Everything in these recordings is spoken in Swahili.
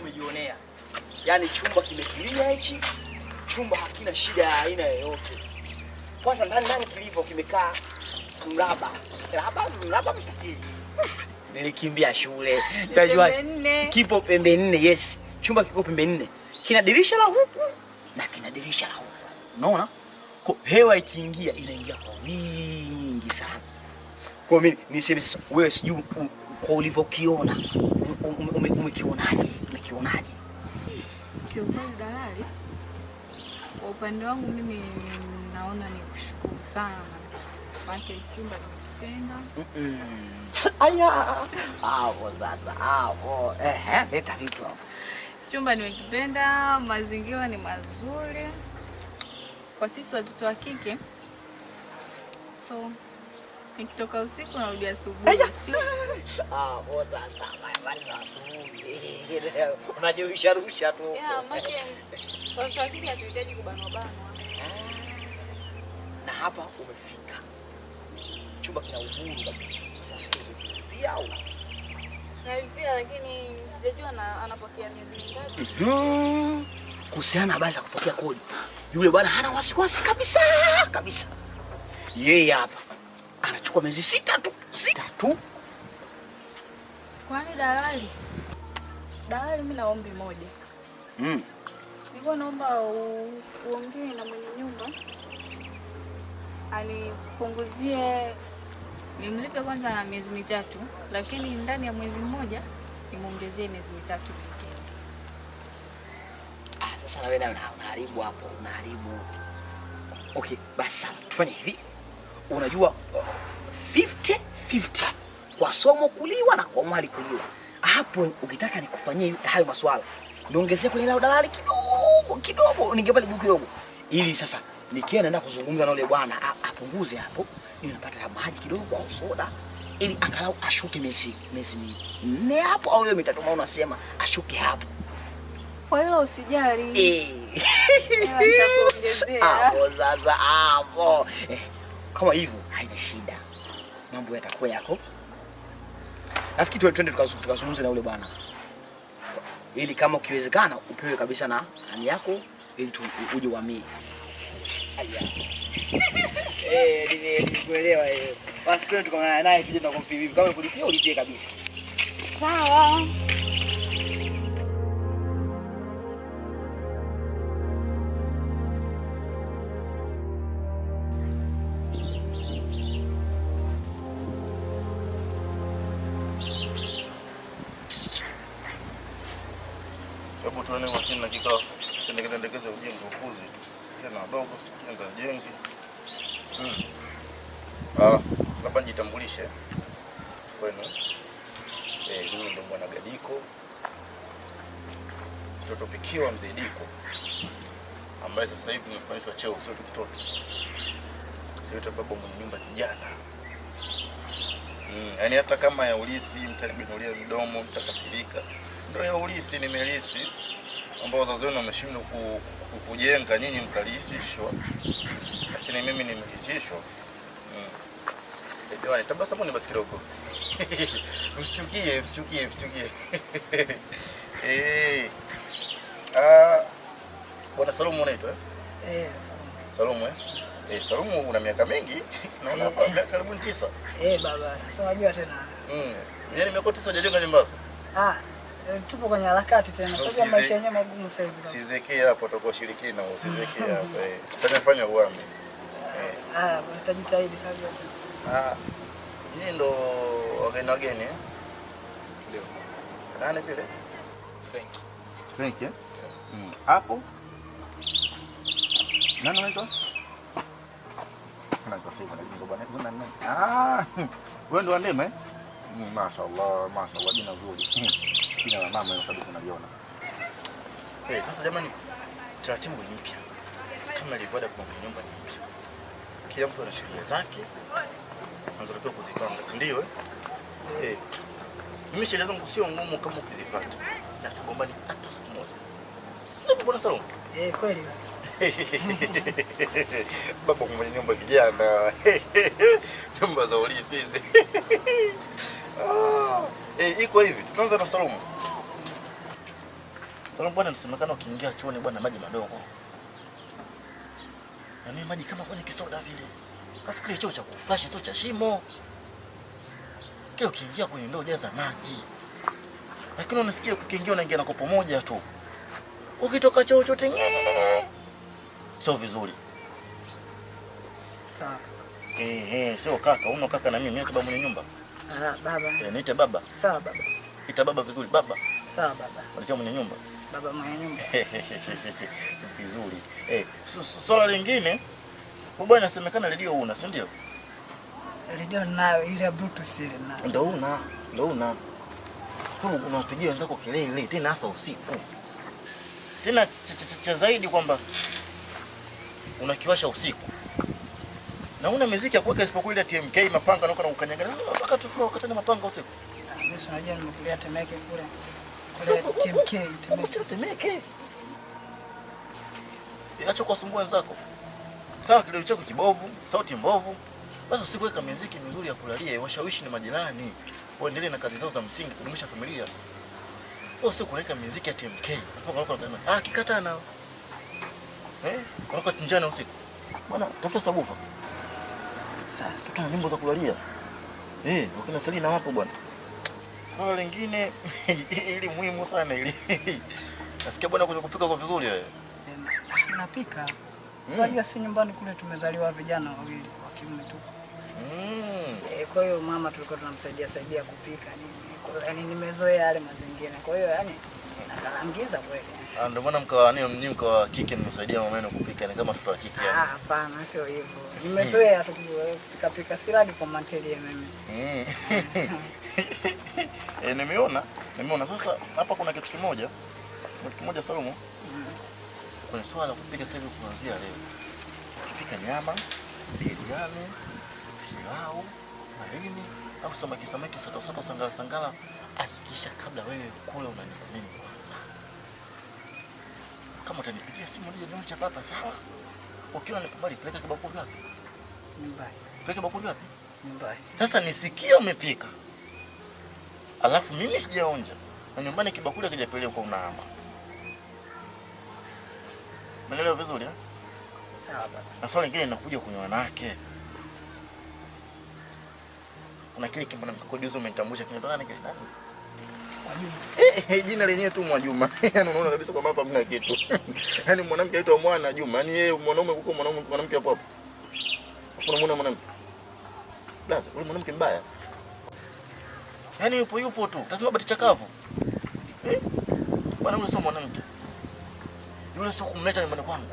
mwenyewe umejionea, yaani chumba kimetulia hichi, chumba hakina shida ya aina yoyote. Kwanza ndani ndani kilivyo kimekaa mraba mraba mraba mstatili. Nilikimbia shule tajua kipo pembe nne. Yes, chumba kiko pembe nne, kina dirisha la huku na kina dirisha la huku, unaona hewa ikiingia inaingia kwa wingi sana. Kwa mimi niseme sasa, wewe sijui kwa ulivyokiona umekionaje? mchungaji. Kiukweli dalali, kwa upande wangu mimi naona ni kushukuru sana pake chumba nimekitenga. Aya, hapo sasa hapo, ehe, leta vitu hapo. Chumba nimekipenda, mazingira ni mazuri kwa sisi watoto wa kike so Nikitoka usiku narudi asubuhi. Ah, Unajirusha rusha tu. Ah, na hapa umefika. Chumba kina uhuru kabisa. Mhm. Kuhusiana na habari za kupokea kodi. Yule bwana hana wasiwasi kabisa kabisa. Yeye hapa anachukua miezi sita tu, sita tu. Kwani dalali, dalali, mimi na ombi moja mm. Nilikuwa naomba uongee na mwenye nyumba anipunguzie, nimlipe kwanza miezi mitatu, lakini ndani ya mwezi mmoja nimwongezie miezi mitatu mingine. Ah, sasa na wewe unaharibu hapo, unaharibu. Okay, basi sawa, tufanye hivi unajua 50 50 kwa somo kuliwa na kwa mali kuliwa. Hapo ukitaka nikufanyie hayo maswala niongezee kwenye lao dalali kidogo kidogo, ningepale juu kidogo, ili sasa nikiwa naenda kuzungumza na yule bwana apunguze hapo, ili napata maji kidogo kwa soda, ili angalau ashuke miezi miezi minne hapo au hiyo mitatu, maana unasema ashuke hapo. Kwa hiyo usijali eh, hapo sasa hapo eh kama hivyo haina shida, mambo yatakuwa yako. Rafiki, twende tukazungumze na yule bwana, ili kama ukiwezekana upewe kabisa na ani yako, ili uje uhamie. Eh, Sawa. vijana wadogo nenda jengi hmm. Ah, labda nijitambulishe kwenu. Eh, huyu ndo bwana Gadiko mtoto pikiwa mzee Diko ambaye sasa hivi nimefanyishwa cheo, sio mtoto, sio tu baba mwenye nyumba kijana Mm, yani hata kama ya ulisi mtanibinulia mdomo, mtakasirika, ndo ya ulisi nimelisi ambao wazazi wenu wameshindwa kujenga, nyinyi mkalihisishwa, lakini mimi nimehisishwa. Mm. Jamani, tabasamuni basi kidogo, msichukie, msichukie, msichukie. Eh, ah, bwana Salumu unaitwa eh? Eh, Salumu. eh? Eh, Salumu una miaka mingi naona hapa eh. miaka karibu tisa. Eh, baba, sio unajua tena. Mm. Yaani miaka tisa hujajenga nyumba yako? Ah, tupo kwenye harakati tena, sababu maisha yenyewe magumu sasa hivi. Usizekee hapo, utakuwa ushirikina, usizekee mm-hmm. hapo. Eh. Utanifanya uame. Eh. Ah, mtajitahidi sana. Ah, yeye ndo wageni wageni eh? Nani pile? Frank. Frank eh? Mm. Hapo? Nani anaitwa? Anaitwa Simon. Ah, wewe ndo Andema eh? Mm, mashaallah, mashaallah, jina zuri. jina la mama kabisa unaliona. Hey, eh, sasa jamani, taratibu ni mpya kama ilivyo ada kwa nyumba ni mpya, kila mtu ana sheria zake anazotakiwa kuzipanga, si ndio? Eh, hey, eh, mimi sheria zangu sio ngumu kama ukizifuata, na tugombani hata siku moja. Ndio bwana Salum. Eh, kweli baba mwenye nyumba kijana, nyumba za ulisi hizi. ah. Eh, iko hivi. Tunaanza na Salomo. Salomo bwana, nasemekana ukiingia chooni bwana maji madogo. Na mimi maji kama kwenye kisoda vile. Kafikiria choo cha kuflash sio cha shimo. Kile ukiingia kwenye ndoo jaza maji. Lakini unasikia ukiingia unaingia na kopo moja tu. Ukitoka choo chote ngee. Sio vizuri. Sawa. Eh, eh, sio kaka, uno kaka na mimi mimi kama mwenye nyumba. Ah, baba. Eh, niite baba. Sawa baba. Ita baba vizuri baba. Sawa baba. Unasema mwenye nyumba? Baba mwenye nyumba. vizuri. Eh, swala lingine bwana, inasemekana redio una, si ndio? Redio nayo ile Bluetooth ile na. Ndio una, ndio una. Sasa unapigia wenzako kelele tena hasa usiku. Tena cha zaidi kwamba unakiwasha usiku na una miziki ya kuweka isipokuwa ile TMK mapanga na ukanyaga ah, mpaka tukao katana mapanga usiku. Mimi najua nimekulia Temeke kule. Kule TMK Temeke. Temeke. Acha kuwasumbua wenzako. Sawa kidole chako kibovu, sauti mbovu. Basi usikuweka miziki mizuri ya kulalia, washawishi na majirani. Waendelee na kazi zao za msingi kudumisha familia. Wewe sio kuweka miziki ya TMK. Mpaka uko unakuwa ah kikatana. nao. Eh? kwa njana usiku. Bwana, tafuta sabufa. Sasa tuna nyimbo za kulalia eh, wakina Selina wapo bwana. Swala lingine ili muhimu sana ili nasikia bwana kwenye kupika kwa vizuri wewe. Napika. Mm. Unajua mm. si nyumbani kule tumezaliwa vijana wawili wa kiume tu. Mm. E, kwa hiyo mama tulikuwa tunamsaidia saidia kupika nini. Kwa hiyo yani nimezoea yale mazingira. Kwa hiyo yani Naamgiza kweli. Ah, ndio maana mko nini mnyi mko wa kike mmsaidia mama yenu kupika ni kama tuta kike. Ah, hapana sio hivyo. Nimezoea tu kupika pika saladi kwa mantelie mimi. Mm. eh, nimeona, nimeona sasa hapa kuna kitu kimoja. Kitu kimoja Salomo. Mm. Kuna swala la kupika sasa hivi kuanzia leo. Ukipika nyama, biriani, pilau, marini au samaki samaki sakasato sangala sangala hakikisha kabla wewe kula unaniamini. Kama utanipigia simu nije nione cha papa, sawa? Ukiwa nikubali peleka kibakuli wapi? Nyumbani. Peleka bakuli wapi? Nyumbani. Sasa nisikie umepika. Alafu mimi sijaonja. Na nyumbani kibakuli kwa unaama. Umeelewa vizuri eh? Sawa baba. Na swali lingine linakuja kwenye wanawake. Kuna kile kimbona na mkakodi hizo umenitambulisha kinatokana na kile nani? Eh, eh, jina lenyewe tu Mwajuma. Yaani unaona kabisa kwamba hapa hamna kitu. Yaani mwanamke aitwa Mwana Juma. Yaani yeye mwanaume huko mwanaume mwanamke hapo hapo. mwana mwanamke? Lazima yule mwanamke mbaya. Yaani yupo yupo tu. Tazama bati chakavu. Eh? Bwana yule sio mwanamke. Yule sio kumleta nyumbani kwangu.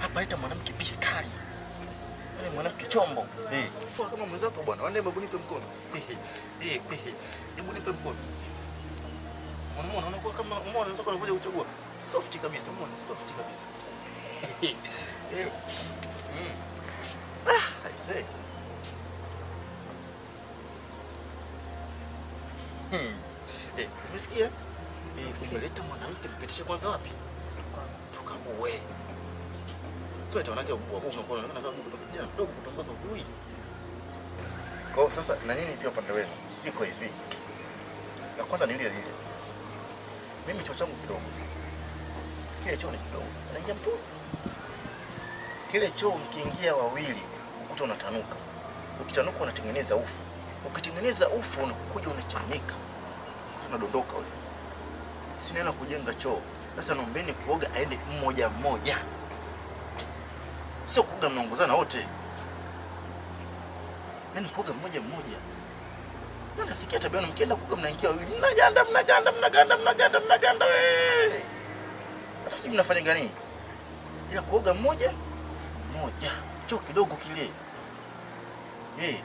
Hapa leta mwanamke biskari mwanamke chombo. Eh. Kama mwenzako bwana, wende hebu nipe mkono. Eh, hebu nipe mkono. Unaona unakuwa kama umeona unataka unakuja kuchagua. Soft kabisa, umeona soft kabisa. Eh. Mm. Ah, aisee. Hmm. Eh, umesikia? Eh, umeleta mwanamke mpitishe kwanza wapi? Tukamuwe sweta kwa kama mdogo kutongoza ujui. Kwa sasa na nini pia upande wenu iko hivi. Na kwanza ni ile Mimi changu kidogo. Kile choo ni kidogo. Anaingia mtu. Kile choo mkiingia wawili ukuta unatanuka. Ukitanuka unatengeneza ufu. Ukitengeneza ufu unakuja unachanika. Unadondoka ule. Sina na kujenga choo. Sasa kuoga aende mmoja mmoja sio kuoga mnaongozana wote, yaani kuoga mmoja mmoja. Na Nasikia tabia tabiani, mkienda kuoga mnaingia wawili, mnaganda mnaganda mnaganda mnaganda mnaganda, wewe. Sasa sijui mnafanya gani? ila kuoga mmoja mmoja, choo kidogo kile eh. Ee. Hey.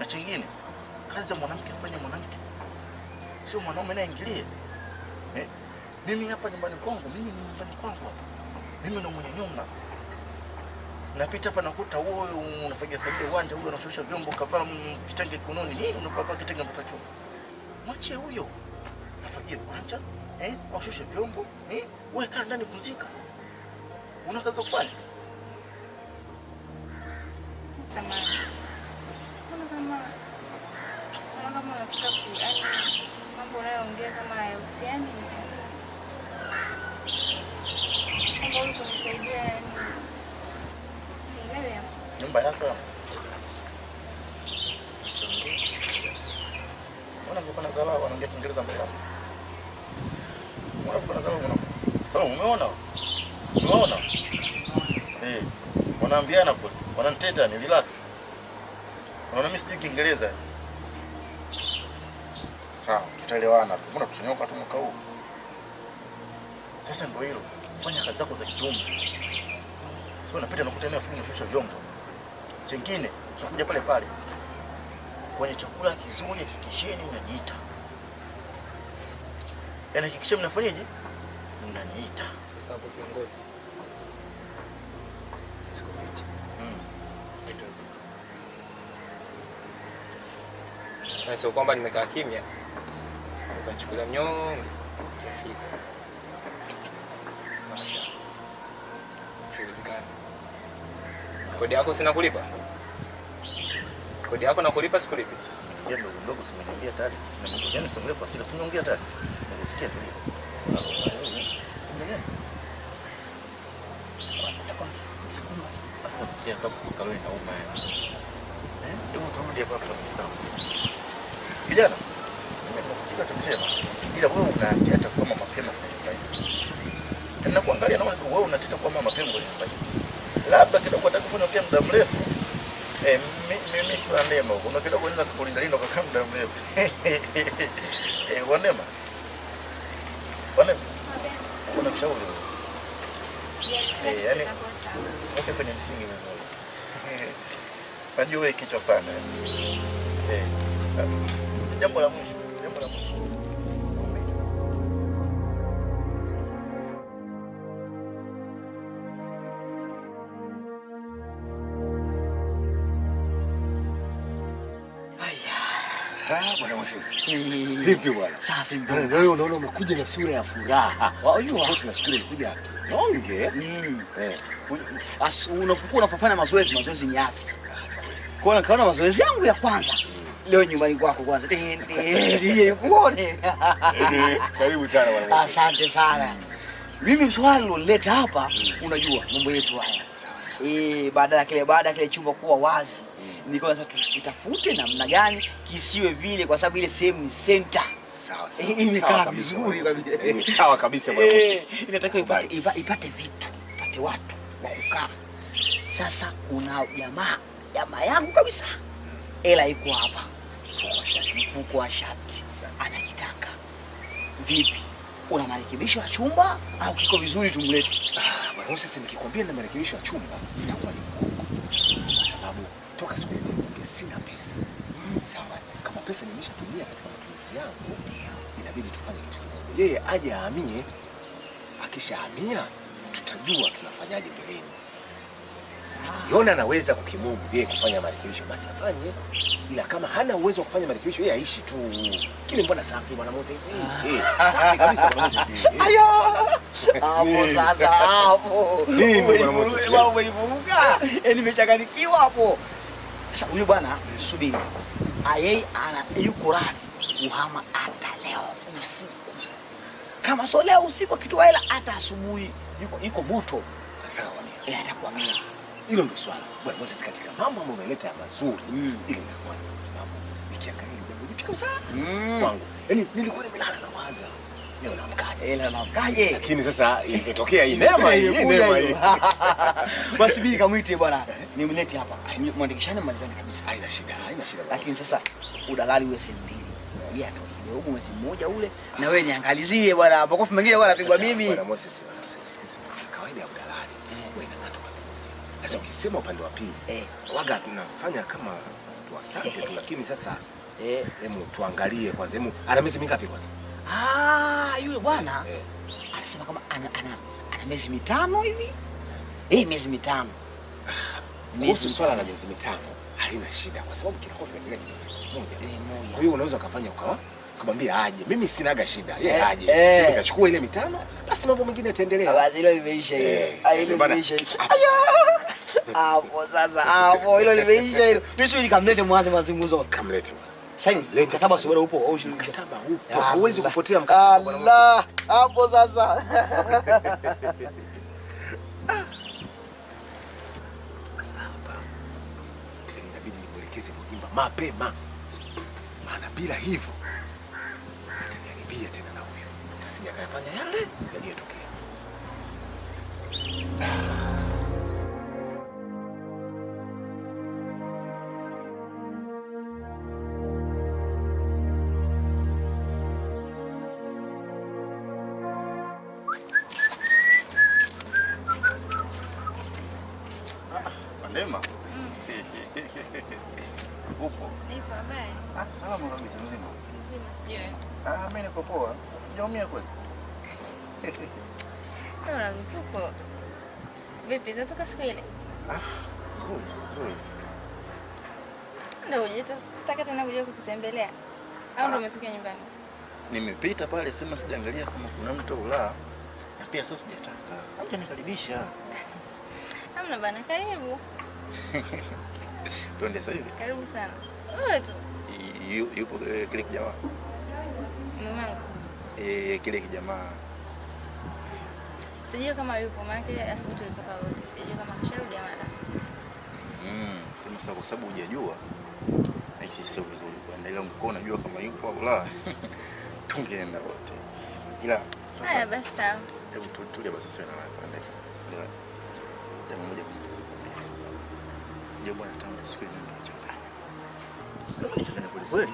Na chingine, kazi ya mwanamke fanya mwanamke, sio mwanaume naye ingilie eh. Mimi hapa nyumbani kwangu, mimi ni nyumbani kwangu hapa, mimi ndo mwenye nyumba napita hapa nakuta wewe unafagia fagia uwanja, huyo anashosha vyombo, kavaa mm, kitenge kiunoni, nini unavaa kitenge mpaka kiuno? Mwache huyo afagie uwanja eh, washoshe vyombo eh, wewe kaa ndani kuzika, Una kazi kufanya? Kama yaani mambo unayoongea kama hayahusiani nyumba yako Umeona? Eh, wanaambiana kule, ni relax. Unaona mimi sijui Kiingereza. Sawa, tutaelewana. Mbona tu mwaka huu? Sasa ndio hilo. Fanya kazi zako za kitumbo, Sio unapita nakutania, eneo asubuhi vyombo. Chengine tunakuja pale pale kwenye chakula kizuri, hakikisheni mnaniita, yaani hakikisha mnafanyaje, mnaniita. Sababu kiongozi sikufiche na hmm. yaani sio kwamba nimekaa kimya nikachukulia mnyonge kiasi. Masha. Haiwezekani. Kodi yako sina kulipa? Kodi yako na nakulipa sikulipi? Ndio ndugu ndugu simeniambia tayari. mambo Yaani situmlipa kwa siri, situmongea tayari. Nakusikia tu. Kijana, nimekusikia tukisema ila wewe unateta kama mapema kwenye nyumba hii. Yaani kuangalia naona wewe unateta kama mapema kwenye nyumba labda kidogo atakufanya muda mrefu eh, mimi si wanema huko, kidogo naweza kukulinda linda kwa muda mrefu eh, wanema wanema kuna mshauri eh, yani weke kwenye msingi mzuri eh, najua kichwa sana eh, eh, jambo la mwisho Bwana Mosesi. Vipi bwana? Safi bwana. unaona umekuja na sura ya furaha. Wajua wao kinyonge. Eh. unapokuwa unafanya mazoezi mazoezi ni Kwa hiyo mazoezi yangu ya kwanza. Mm. Leo nyumbani kwako kwanza. Karibu sana bwana. Asante sana. Mm. Mimi swali loleta hapa, mm. unajua mambo yetu haya. Eh, baada ya kile baada ya kile chumba kuwa wazi niko sasa tutafute namna gani kisiwe vile, kwa sababu ile sehemu ni center. Sawa sawa. Eh, eh, imekaa vizuri kabisa. Eh, sawa kabisa bwana. Inatakiwa ipate ipate vitu, ipate watu wa kukaa. Sasa kuna jamaa jamaa yangu kabisa, ela iko hapa, mfuko wa shati anajitaka Vipi, una marekebisho ya chumba au kiko vizuri tumlete? Ah, bwana, sasa nikikwambia na marekebisho ya chumba itakuwa ni toka siku ile sina pesa. Sawa, kama pesa nimeshatumia katika matumizi yangu, inabidi tufanye kitu kimoja. Yeye aje ahamie, akishahamia tutajua tunafanyaje mbeleni. Akiona anaweza kukimudu yeye kufanya marekebisho, basi afanye, ila kama hana uwezo wa kufanya marekebisho, yeye aishi tu. Kile mbona safi bwana Moses, safi kabisa bwana Moses. Aya, hapo sasa, hapo mimi nimechanganyikiwa hapo. Sasa huyu bwana subiri, yeye ana yuko radhi kuhama hata leo usiku, kama so leo usiku akitoa hela hata asubuhi yuko yuko moto, yeye atakuamia. Hilo ndio swala bwana Moses, katika mambo ambayo umeleta ya mazuri mm. ili kwa sababu nikiangalia ndio jipya kabisa mm. kwangu, yaani nilikuwa nimelala na waza Unamkaje? Lakini sasa ilivyotokea hii neema hii neema hii. Basi bibi kamwite bwana, nimlete hapa. Mwandikishane malizane kabisa. Haina shida, haina shida. Lakini sasa udalali uwe sehemu mbili. Yeye atoke huko mwezi mmoja ule na wewe niangalizie bwana. Makofi mengine kwa anapigwa mimi. Bwana Moses, sikiza. Kawaida ya udalali. Eh. Wewe na ngata. Sasa ukisema upande wa pili, eh. waga tunafanya kama tuasante tu, eh. lakini sasa eh, hebu tuangalie kwanza. Hebu ana miezi mingapi kwanza? Ah, yule bwana eh, anasema kama ana, ana, ana miezi mitano hivi eh, miezi mitano. Kuhusu swala la miezi mitano halina shida, kwa sababu tunakuwa tunaendelea miezi eh, moja. Kwa hiyo unaweza ukafanya ukawa kumwambia aje. Mimi sinaga shida. Yeye eh, aje. eh, Nitachukua ile mitano, basi mambo mengine yataendelea. Basi ah, imeisha hiyo eh, Ah, hilo limeisha aya Hapo sasa, hapo hilo limeisha hilo. Mimi siwili kamlete mwanzo mazungumzo. Kamlete mwanzo. Saini. Leta. Mkataba si upo au ushi mkataba upo. Huwezi kupotea mkataba. hapo sasa. inabidi nimwelekeze Mugimba mapema. Maana bila hivyo ataniharibia tena na huyo. akayafanya yale yaliyotokea. Neema. Mm. Upo? Nipo, habari? Ah, salama kabisa mzima. Mzima sijawe. Ah, mimi niko poa. Hujaumia kweli? Ndio, mtupo. Vipi, zatoka siku ile? Ah, nzuri, nzuri. Ndio, hujataka tena kuja kututembelea? Au ndo ah. umetoka nyumbani? Nimepita pale sema sijaangalia kama kuna mtu ulaa. Na pia sasa sijataka. Hujanikaribisha. Hamna bana, karibu. Tuende sasa hivi. Karibu sana. Wewe tu. Yupo eh, kile kijamaa. Mamangu. Eh, kile kijamaa. Sijui kama yupo, maana asubuhi tulitoka wote. Sijui kama kasharudi mara. Mm, kama sasa kwa sababu hujajua. Hichi sio vizuri kwenda ila mko unajua kama yupo au la. Tungeenda wote. Ila sasa. Haya basi sawa. Hebu tulia basi sasa na nani. Ndio. Ndio mmoja. Ndio bwana, tangu siku ile nimechanganya. Nimechanganya kweli kweli.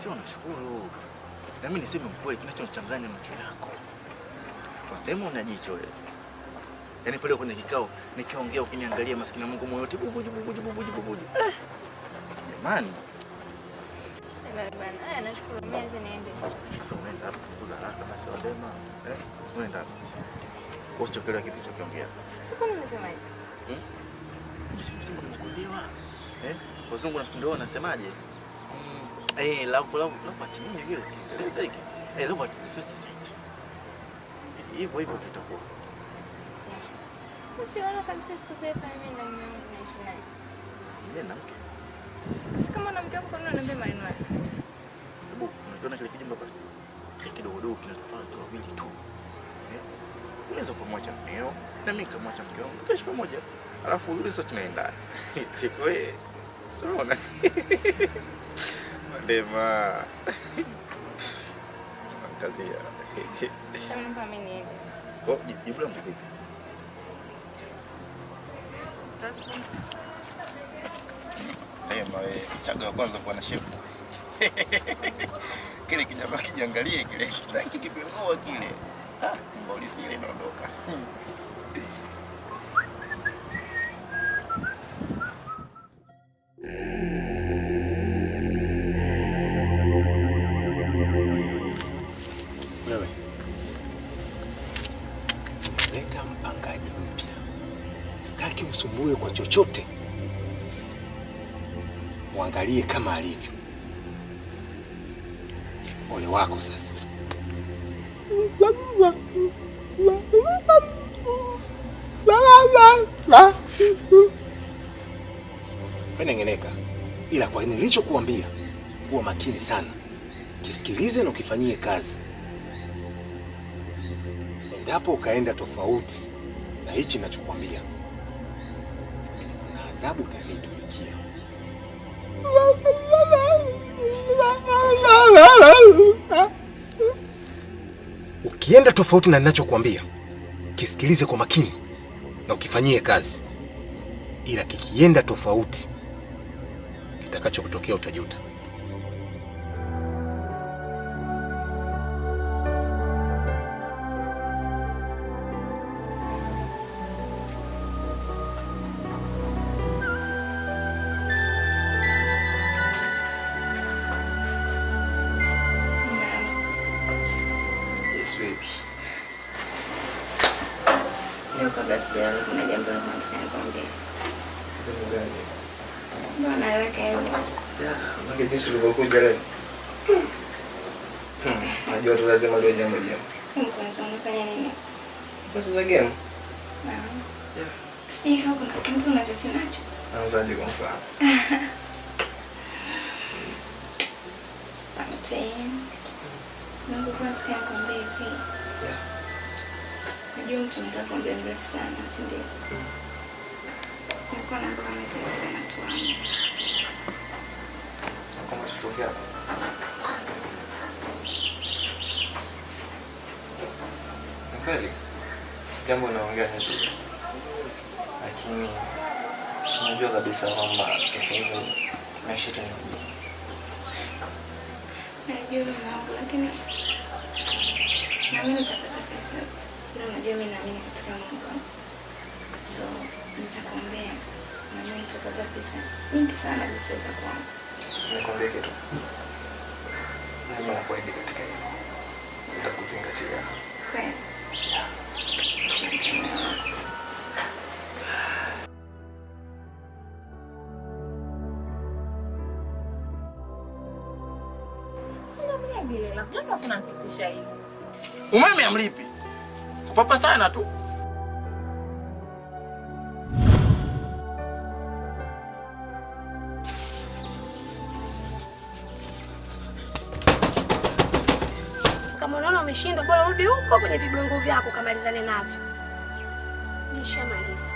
Sio, nashukuru. Na mimi niseme ukweli, kinachonichanganya macho yako. Kwa demo jicho wewe. Yaani pale kwenye kikao nikiongea ukiniangalia maskini Mungu moyo wote bubu bubu bubu bubu bubu. Jamani. Sasa unaenda hapo kuuza basi wadema. Eh? Unaenda hapo. Usichokelea kitu unachokiongea. Sikuni umesema hivi. Hmm? Eh? Wazungu na ndio wanasemaje? Hmm. Eh, love love love ati nini vile? Kieleza hiki. Eh, love ati the first sight. Hivyo hivyo tutakuwa. Usiona kabisa siku zote mimi na mume wangu naishi naye. Yeye na mke. Sasa kama na mke wako kwa unaniambia maneno haya? Hebu unakiona kile kijumba pale? Kidogo kidogo kinatufaa tu wawili tu. Niweza kumwacha mkeo na mimi nikamwacha mkeo, tutaishi pamoja, alafu uzuri sasa tunaenda wewe saona Mandema kazia jibu langu vipi? chaga wa kwanza kuwa na shepu kile kijamaa kijiangalie kile kitaki kimemoa kile polisi ile inaondoka. Leta mpangaji mpya, sitaki usumbue kwa chochote, mwangalie kama alivyo. Ole wako sasa. Penengeneka, ila kwa nilichokuambia kuwa makini sana, kisikilize na ukifanyie kazi. Endapo ukaenda tofauti na hichi ninachokuambia, na adhabu utaitwa. Ukienda tofauti na ninachokuambia, kisikilize kwa makini na ukifanyie kazi, ila kikienda tofauti, kitakachokutokea utajuta. kukuja leo? Hmm, najua tu lazima leo jambo jema. Kwanza unafanya nini? Pesa za game. Naam. Sijui kuna kitu unachati nacho. Anzaje kwa mfano? Something. Mungu kwanza nikwambie hivi. Najua mtu mda kwa muda mrefu sana, si ndio? Hmm. Nilikuwa naomba niteseka na tuone kutokea ni kweli jambo lakini kabisa kwamba sasa hivi maisha Najua lakini naamini utapata pesa, na unajua mimi naamini katika Mungu, so nitakuombea, naamini pesa nyingi sana kucheza kwangu nikwambie kitu, mimi nakuahidi katika hilo nitakuzingatia. Umeme amlipi kupapa sana tu. umeshinda, bora rudi huko kwenye vigongo vyako, kama alizane navyo nishamaliza.